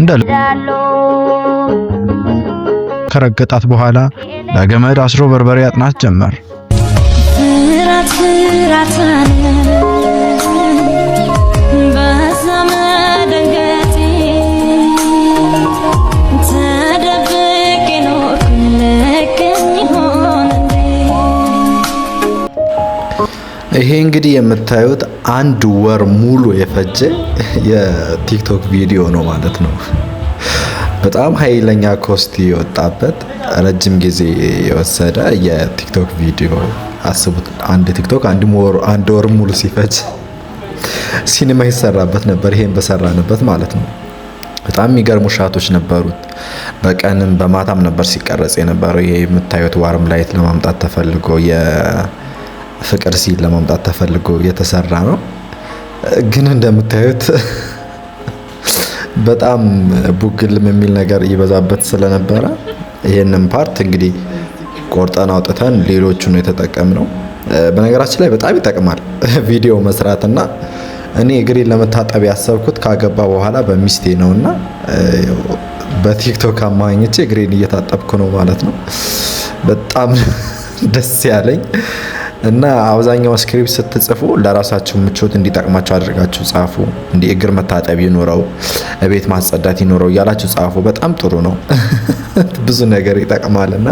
እንዳለ ከረገጣት በኋላ በገመድ አስሮ በርበሬ አጥናት ጀመር። የምታዩት አንድ ወር ሙሉ የፈጀ የቲክቶክ ቪዲዮ ነው ማለት ነው። በጣም ኃይለኛ ኮስት የወጣበት ረጅም ጊዜ የወሰደ የቲክቶክ ቪዲዮ አስቡት። አንድ ቲክቶክ አንድ ወር ሙሉ ሲፈጅ ሲኒማ ይሰራበት ነበር። ይሄን በሰራንበት ማለት ነው። በጣም የሚገርሙ ሻቶች ነበሩት። በቀንም በማታም ነበር ሲቀረጽ የነበረው። ይሄ የምታዩት ዋርም ላይት ለማምጣት ተፈልጎ ፍቅር ሲል ለማምጣት ተፈልጎ የተሰራ ነው። ግን እንደምታዩት በጣም ቡግልም የሚል ነገር ይበዛበት ስለነበረ ይህንን ፓርት እንግዲህ ቆርጠን አውጥተን ሌሎቹን ነው የተጠቀምነው። በነገራችን ላይ በጣም ይጠቅማል ቪዲዮ መስራትና እኔ እግሬን ለመታጠብ ያሰብኩት ካገባ በኋላ በሚስቴ ነው እና በቲክቶክ አማኝቼ እግሬን እየታጠብኩ ነው ማለት ነው። በጣም ደስ ያለኝ እና አብዛኛው ስክሪፕት ስትጽፉ ለራሳችሁ ምቾት እንዲጠቅማችሁ አድርጋችሁ ጻፉ። እንዲህ እግር መታጠብ ይኖረው፣ ቤት ማጸዳት ይኖረው እያላችሁ ጻፉ። በጣም ጥሩ ነው፣ ብዙ ነገር ይጠቅማል። እና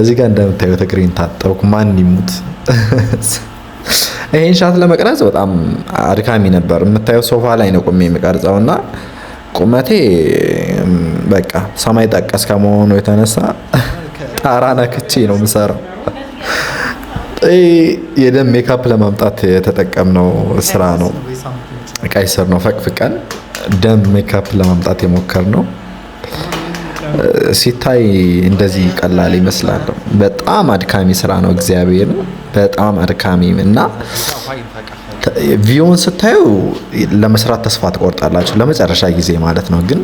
እዚህ ጋር እንደምታዩት እግሬን ታጠብኩ፣ ማን ይሙት። ይሄን ሻት ለመቅረጽ በጣም አድካሚ ነበር። የምታየው ሶፋ ላይ ነው ቁሜ የሚቀርጸው እና ቁመቴ በቃ ሰማይ ጠቀስ ከመሆኑ የተነሳ ጣራ ነክቼ ነው የምሰራው። ቀይ የደም ሜካፕ ለማምጣት የተጠቀምነው ስራ ነው። ቀይ ስር ነው ፈቅፍቀን ደም ሜካፕ ለማምጣት የሞከርነው ሲታይ እንደዚህ ቀላል ይመስላል። በጣም አድካሚ ስራ ነው። እግዚአብሔር በጣም አድካሚ እና ቪዮን ስታዩ ለመስራት ተስፋ ትቆርጣላችሁ፣ ለመጨረሻ ጊዜ ማለት ነው። ግን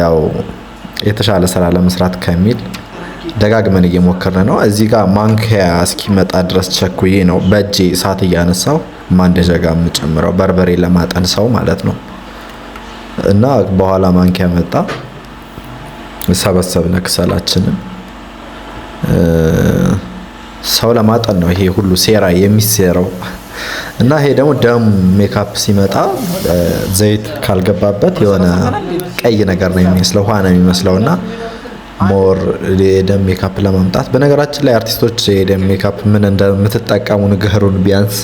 ያው የተሻለ ስራ ለመስራት ከሚል ደጋግመን እየሞከርን ነው። እዚህ ጋር ማንኪያ እስኪመጣ ድረስ ቸኩዬ ነው በእጄ እሳት እያነሳው ማንደጃ ጋር የምጨምረው በርበሬ ለማጠን ሰው ማለት ነው። እና በኋላ ማንኪያ መጣ ሰበሰብነ ክሰላችንን። ሰው ለማጠን ነው ይሄ ሁሉ ሴራ የሚሴረው። እና ይሄ ደግሞ ደም ሜካፕ ሲመጣ ዘይት ካልገባበት የሆነ ቀይ ነገር ነው የሚመስለው ውሃ ነው የሚመስለው እና ሞር የደም ሜካፕ ለማምጣት በነገራችን ላይ አርቲስቶች የደም ሜካፕ ምን እንደምትጠቀሙ ንገሩን ቢያንስ።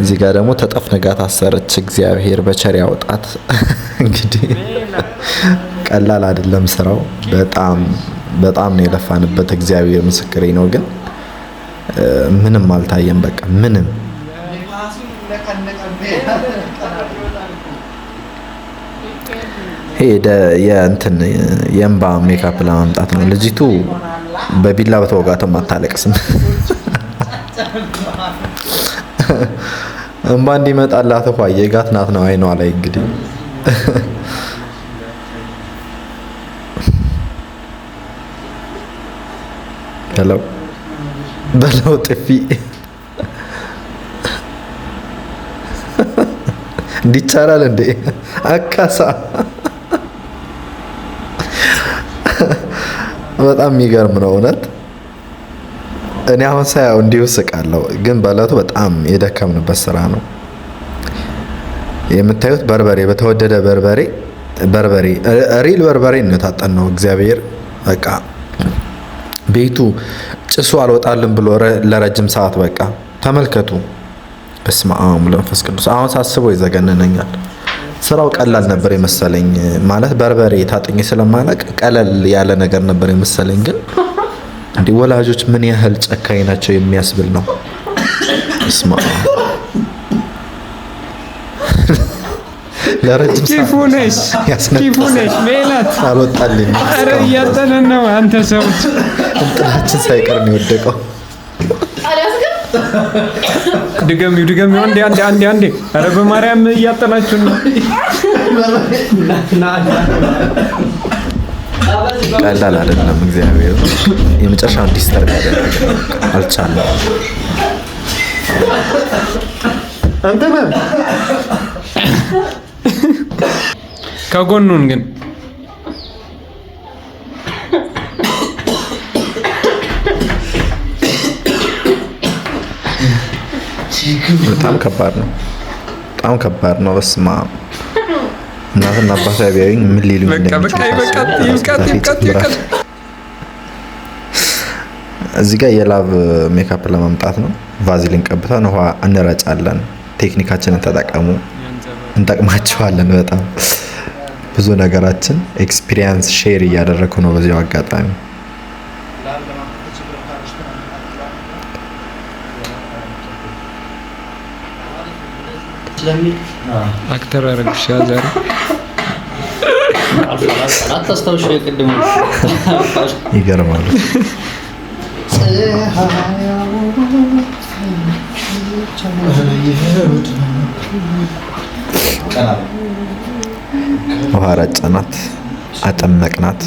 እዚህ ጋር ደግሞ ተጠፍ ንጋት አሰረች፣ እግዚአብሔር በቸር ያውጣት። እንግዲህ ቀላል አይደለም ስራው፣ በጣም በጣም ነው የለፋንበት። እግዚአብሔር ምስክሬ ነው። ግን ምንም አልታየም፣ በቃ ምንም ይሄ የእንትን የእንባ ሜካፕ ለማምጣት ነው። ልጅቱ በቢላ በተወጋትም አታለቅስም። እንባ እንዲመጣላት እኳ የጋት ናት ነው አይኗ ላይ እንግዲህ በለው ጥፊ እንዲቻላል እንዴ? አካሳ በጣም የሚገርም ነው እውነት። እኔ አሁን ሳያው እንዲሁ ስቃለሁ፣ ግን በእለቱ በጣም የደከምንበት ስራ ነው። የምታዩት በርበሬ በተወደደ በርበሬ በርበሬ ሪል በርበሬ ነው የታጠን ነው። እግዚአብሔር በቃ ቤቱ ጭሱ አልወጣልን ብሎ ለረጅም ሰዓት በቃ ተመልከቱ። በስመ አብ ለመንፈስ ቅዱስ። አሁን ሳስበው ይዘገነነኛል። ስራው ቀላል ነበር የመሰለኝ ማለት በርበሬ ታጥኝ ስለማለቅ ቀለል ያለ ነገር ነበር የመሰለኝ። ግን እንዲህ ወላጆች ምን ያህል ጨካኝ ናቸው የሚያስብል ነው። በስመ አብ ለረጅም ሰዓት አልወጣልኝ። ኧረ እያጠነን ነው አንተ ሰው እንጥላችን ሳይቀር ነው የወደቀው። ድገሚው ድገሚው፣ አንዴ አንዴ አንዴ አንዴ። ኧረ በማርያም እያጠናችሁ ነው። ቀላል አይደለም። እግዚአብሔር የመጨረሻ እንዲስተር ያደረገ አልቻለም። አንተ ከጎኑን ግን በጣም ከባድ ነው። በጣም ከባድ ነው። በስማ እናትና አባት ቢያዩኝ ምን ሊሉ እዚህ ጋር የላብ ሜካፕ ለማምጣት ነው። ቫዝሊን ቀብተን ውሃ እንረጫለን። ቴክኒካችንን ተጠቀሙ፣ እንጠቅማቸዋለን። በጣም ብዙ ነገራችን ኤክስፒሪየንስ ሼር እያደረግኩ ነው በዚያው አጋጣሚ ስለሚል አክተር አረግሻ ዛሬ አታስታውሽ? የቅድሙ ይገርማሉ። ውሃ ረጨናት፣ አጨመቅናት።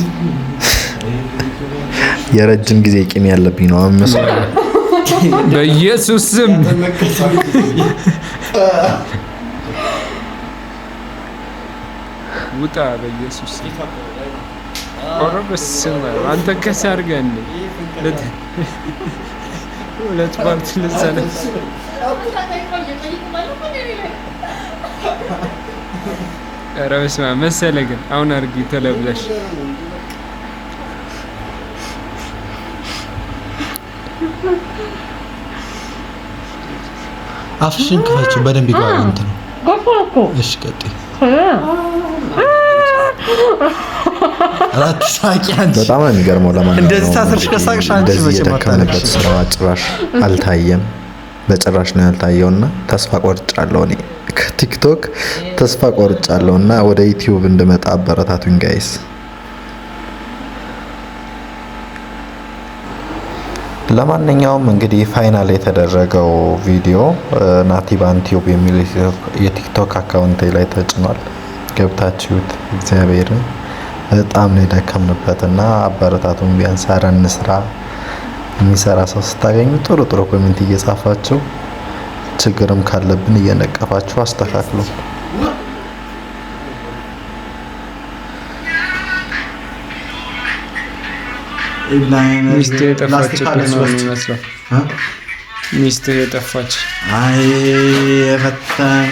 የረጅም ጊዜ ቂም ያለብኝ ነው አመስሉ በኢየሱስ ስም ውጣ። በኢየሱስ ቆረበስ አንተ ከስ አድርገን ሁለት ፓርት ልሰነ ኧረ በስመ አብ መሰለ ግን አሁን አድርጊ ተለብለሽ አፍሽን ክፈችው በደንብ ይገባል። ነው ገፋኩ። እሺ ቀጥይ። አራት ሳቂ። አንቺ በጣም ነው የሚገርመው። ለማንኛውም እንደዚህ ታስርሽ ከሳቅሽ አንቺ የደከምንበት ስራዋ ጭራሽ አልታየም፣ በጭራሽ ነው ያልታየውና ተስፋ ቆርጫለሁ እኔ ከቲክቶክ ተስፋ ቆርጫለሁና ወደ ዩቲዩብ እንድመጣ አበረታቱኝ ጋይስ። ለማንኛውም እንግዲህ ፋይናል የተደረገው ቪዲዮ ናቲባን ቲዩብ የሚል የቲክቶክ አካውንቴ ላይ ተጭኗል። ገብታችሁት እግዚአብሔርን በጣም ነው የደከምንበት እና አበረታቱን። ቢያንስ ኧረ እንስራ። የሚሰራ ሰው ስታገኙ ጥሩ ጥሩ ኮሜንት እየጻፋችሁ ችግርም ካለብን እየነቀፋችሁ አስተካክሉ። ሚስት የጠፋችበት ነው የሚመስለው። ሚስት የጠፋች አይ የፈታን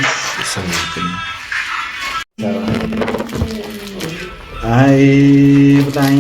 አይ ብላኝ